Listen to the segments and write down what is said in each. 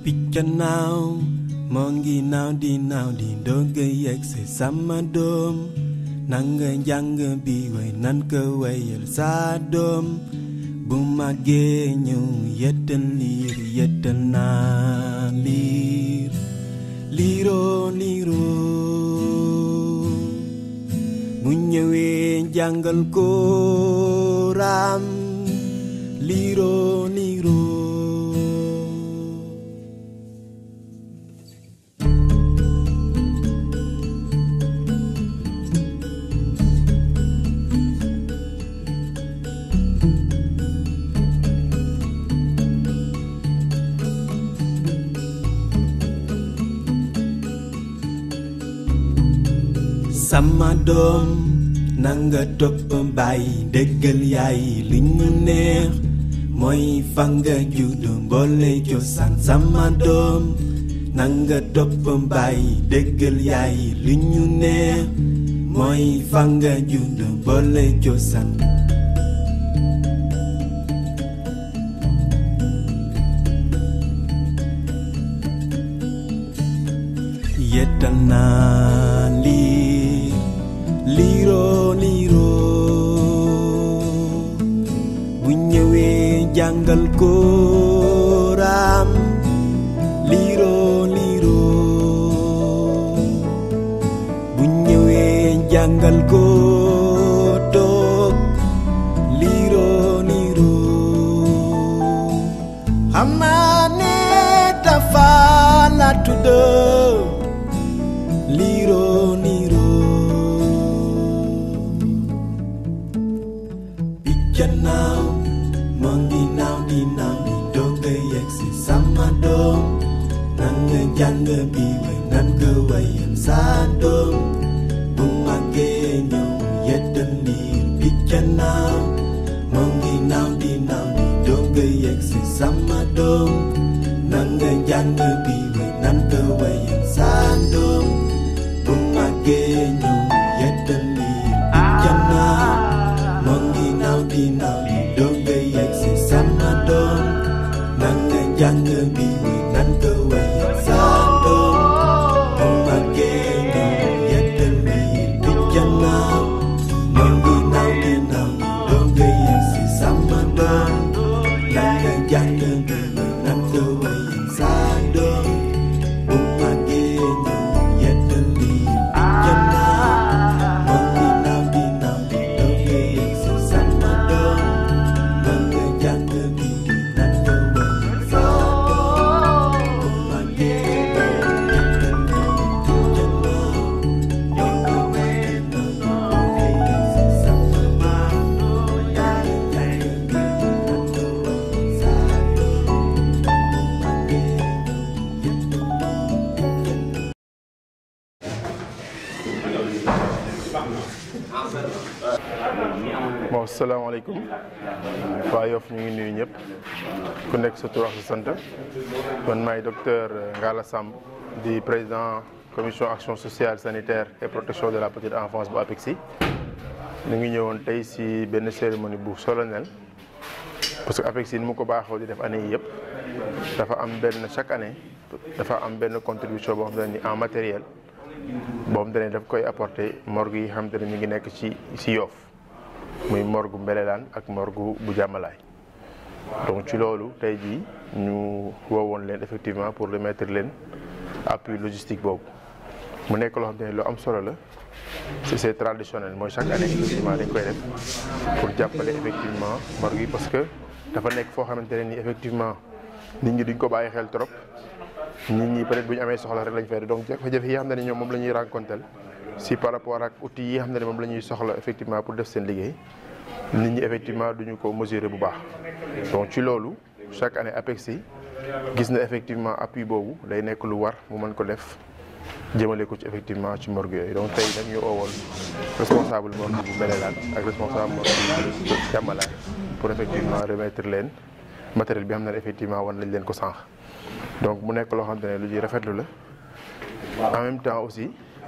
mong Pikan now Mongi now di now di doge yek se sama dom Nanga yanga biwe nan kewe yel sadom Bumage nyu yeten lir yeten na lir Liro liro Munyewe jangal koram Liro sama dom nanga topp baay déggal yaay li neex mooy fa nga judd mboole cosaan sama dom nanga topp baay déggal yaay li Yetanali. neex yetal Liro, liro, bu ñëwee jàngal ko chân nào mang đi nào đi nào đi đâu tới yak si sama do nang ngang chang ngang bi wai nan cơ wai yan sa do bung mang kê nhau yết đơn đi biết chân nào mang đi nào đi nào đi đâu tới yak si sama do nang ngang chang ngang bi wai nan cơ wai 为难的微 asalaamaaleykum waa Yoff ñu ngi nuyu ñëpp ku nekk sa tur ak sa sant man maay docteur euh, Ngalla Samb di président commission action sociale sanitaire et protection de la petite enfance bu APECSY ñu ngi ñëwoon tey si benn cérémonie bu solennelle parce que APECSY ni mu ko baaxoo di def année yi yëpp dafa am benn chaque année dafa am benn contribution boo xam ne ni en matériel boo xam ne daf koy apporter morgue yi xam ne ñu ngi nekk ci si Yoff muy morgu Mbelelaan ak morgu bu jàmmalaay donc ci lolu tay ji ñu woowoon len effectivement pour remettre len appui logistique boobu mu nekk lo xam lu am solo la c'est traditionnel moy chaque année effectivement dañ koy def pour jappalé effectivement Morgu, parce que dafa nekk fo xamante ni effectivement nit ñi duñ ko bàyyi xel trop nit ñi peut-être buñ amé soxla rek lañ fay donc jafe-jafe yi xam ne ni ñoom moom la ñuy si par rapport ak outil yi xamna xam ne moom la soxla effectivement pour def sen liguey nit ñi effectivement duñu ko mesurer bu baax donc ci lolu chaque année APEX yi gis na effectivement appui bobu day nekk lu war mu mën ko def jëmele ko ci effectivement ci morgue yooyu donc tey nag ñu responsable morgue bu Mbelelaan ak responsable morgue bu pour effectivement remettre leen matériel bi xam ne effectivement wan lañ leen ko sànq donc mu nekk loo xam ne lu ji rafetlu la en même temps aussi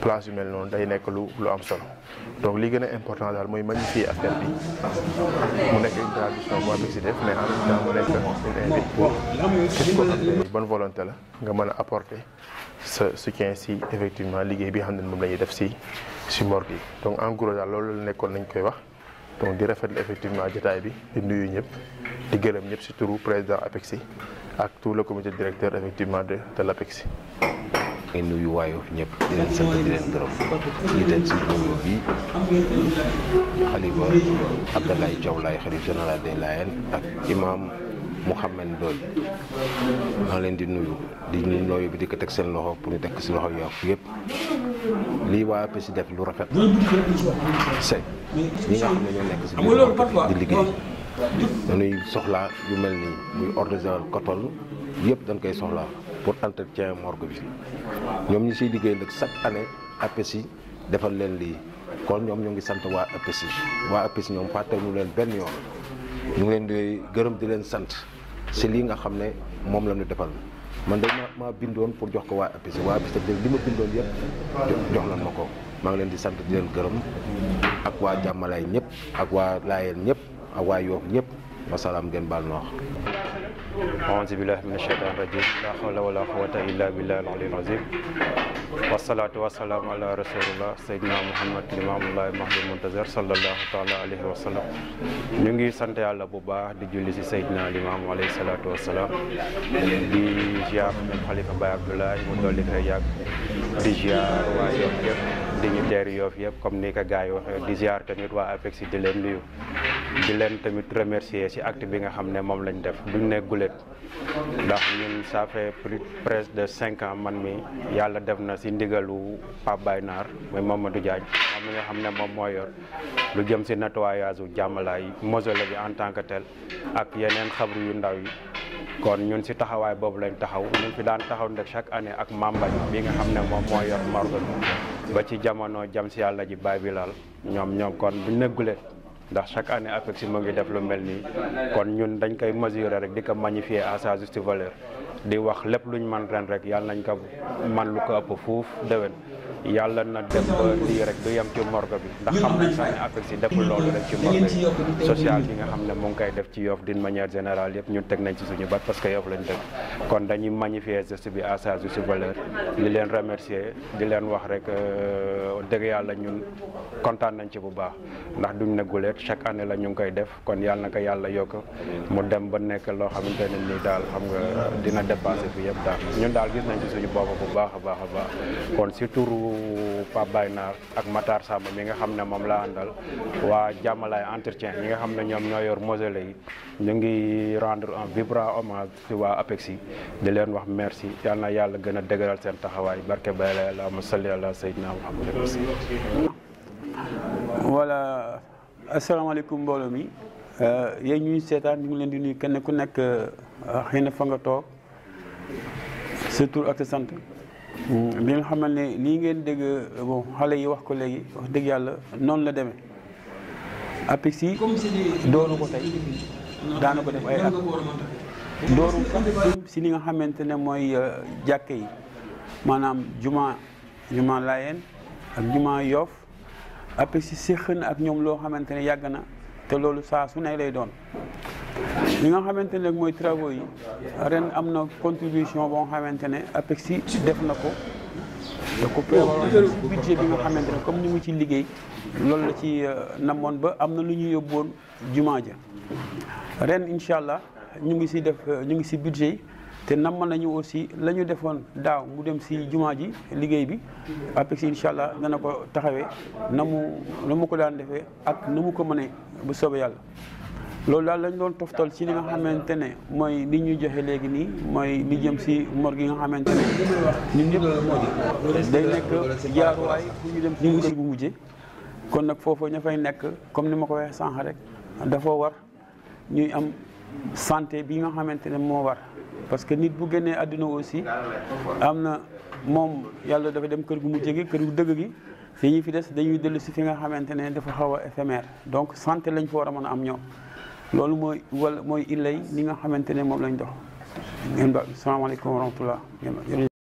place yu mel noonu day nekk lu lu am solo donc li gën a important daal mooy magnifier affaire bi mu nekk une tradition bu Apix def mais en même temps mu nekk une invite pour képp bonne volonté la nga mën apporter sa soutien si effectivement liggéey bi xam ne moom la def si si morgue donc en gros daal loolu la nekkoon nañ koy wax donc di rafetlu effectivement jotaay bi di nuyu ñëpp di gërëm ñëpp si turu président Apix et tout le comité directeur effectivement de de l' ay nuyu waayu ñëpp di leen sant di leen gërëm jiital si nuyu bi xalifa Abdoulaye Thiaw Laye xalif général des Layènes ak imam Muhammad Ndoye maa leen di nuyu di ñu nooyu bi di ko teg seen loxo pour ñu tekk si loxo yaafu yëpp lii waa APS def lu rafet c'est ñi nga xam ne ñoo nekk si di liggéey dañuy soxlaa yu mel nii muy ordre de coton yëpp dañ koy soxlaa pour entretien morgue bi ñoom ñi siy liggéey nag chaque année APECI defal leen lii kon ñoom ñoo ngi sant waa APECI waa APECI ñoom fàttewuñu leen benn yoon ñu leen di gërëm di leen sant si lii nga xam ne moom defal man day ma ma bindoon pour jox ko waa APECI waa APECI daf li ma bindoon yëpp jox lan ma ngi leen di sant di leen gërëm ak waa jàmmalaay ñëpp ak waa laayeen ñëpp ak waa yoof ñëpp wasalaam ngeen baal noox aouzu billahi min asheytan rajim la hawla wala quwata illa billahi al aliyyil azim wasalaatu wasalaamu ala rasulillah sayyidina muhammad limamullahi mahdul muntazar sallallahu taala alayhi wa sallam ñu ngi sant yàlla bu baax di julli si sayyidina limaamu alayhi salaatu wasalaam di ziar même xalifa Baye Abdoulaye mu dolli fee di ziar waa Yoff yëpp di ñu teeru Yoff yëpp comme ni ko gars di ziar tamit waa APEX di leen nuyu ji leen tamit remercier ci act bi nga xam ne moom lañ def duñ ne guléet ndax ñun ça fait plus presque de cinq ans man mi yàlla def na si ndigalu Pape Baye Naar mooy Mamadou Diagne moom mi nga xam ne moom moo yor lu jëm si nettoyage u jàmmalaay mausolée bi en tant que tel ak yeneen xabru yu ndaw yi kon ñun si taxawaay boobu lañ taxaw ñun fi daan taxaw ndek chaque année ak mambañ bi nga xam ne moom moo yor morgue ba ci jamono jam si yàlla ji Baye Bilal ñoom ñoom kon duñ ndax chaque année APECSY mu ngi def lu mel nii kon ñun dañ koy mesurer rek di ko magnifier à sa juste valeur di wax lépp luñ man ren rek yàlla nañ ko man lu ko ëpp fuuf déwén yàlla na dem ba lii rek du yem ci morgue bi ndax xam nañ sax ne APECSY deful loolu rek ci morgue bi social bi nga xam ne mu ngi koy def ci Yoff d'une manière générale yëpp ñun teg nañ ci suñu bat parce que Yoff lañ kon dañuy magnifier geste à sa juste valeur di leen remercier di leen wax rek euh, dëgg yàlla ñun kontaan nañ ci bu baax ndax duñ ne guleet chaque année la ñu ngi koy def kon yàlla na ko yàlla yokk mu dem ba nekk loo xamante ne nii daal xam nga dina dépasser fi yëpp daal ñun daal gis nañ ci suñu bopp bu baax a baax a baax kon Pape Baye Naar ak Matar Samb mi nga xam ne moom laa àndal waa Jàmmalaay entretien ñi nga xam ne ñoom ñoo yor mausolée yi ñu ngi rendre un vibrant hommage ci waa apexi di leen wax merci yal na yàlla gën a dëgëral seen taxawaay barke Baye la yàlla ma salli ala Seydina Muhammad voilà asalaamaaleykum mbooloo mi euh, yéen ñuy seetaan ñu ngi leen di nuyu kenn ku nekk euh, xëy na fa nga toog sa tur sant. li mm-hmm. nga xamal ne lii ngeen dégg bon xale yi wax ko léegi wax dëgg yàlla noonu la demee APEX yi dooru ko tey daana ko def ay at dooru si li nga xamante ne mooy euh, jàkke yi maanaam juma juma laayeen ak juma yoof APEX yi séq na ak ñoom loo xamante ne yàgg na te loolu saa su ne lay doon li nga xamante ne mooy travaux yi ren am na contribution boo xamante ne si def na ko da ko budget bi nga xamante ne comme ni mu ci liggéey loolu la ci euh, namoon ba am na lu ñu yóbboon jumaa ja ren incha allah ñu ngi si def ñu ngi si budget yi te namoon nañu aussi la ñu defoon daaw mu dem si jumaa ji liggéey bi APEXI incha allah dana ko taxawee na mu na mu ko daan defee ak na mu ko mënee bu soobee yàlla loolu daal lañ doon toftal ci li nga xamante ne mooy nit ñuy joxe léegi nii mooy ñu jëm si moor gi nga xamante ne ñun ñëpp day nekk bu ñu mujje kon nag foofu ña fay nekk comme ni ma ko waxee sànq rek dafa war ñuy am santé bi nga xamante ne moo war parce que nit bu génnee àdduna aussi am na moom yàlla dafa dem kër gu mujj gi kër gu dëgg gi fi ñu fi des dañuy dellu si fi nga xamante ne dafa xaw a éphémère donc santé lañ fa war a mën a am ñoom loolu mooy wala mooy illay li nga xamante ne moom lañ dox. ngeen ba salaamaaleykum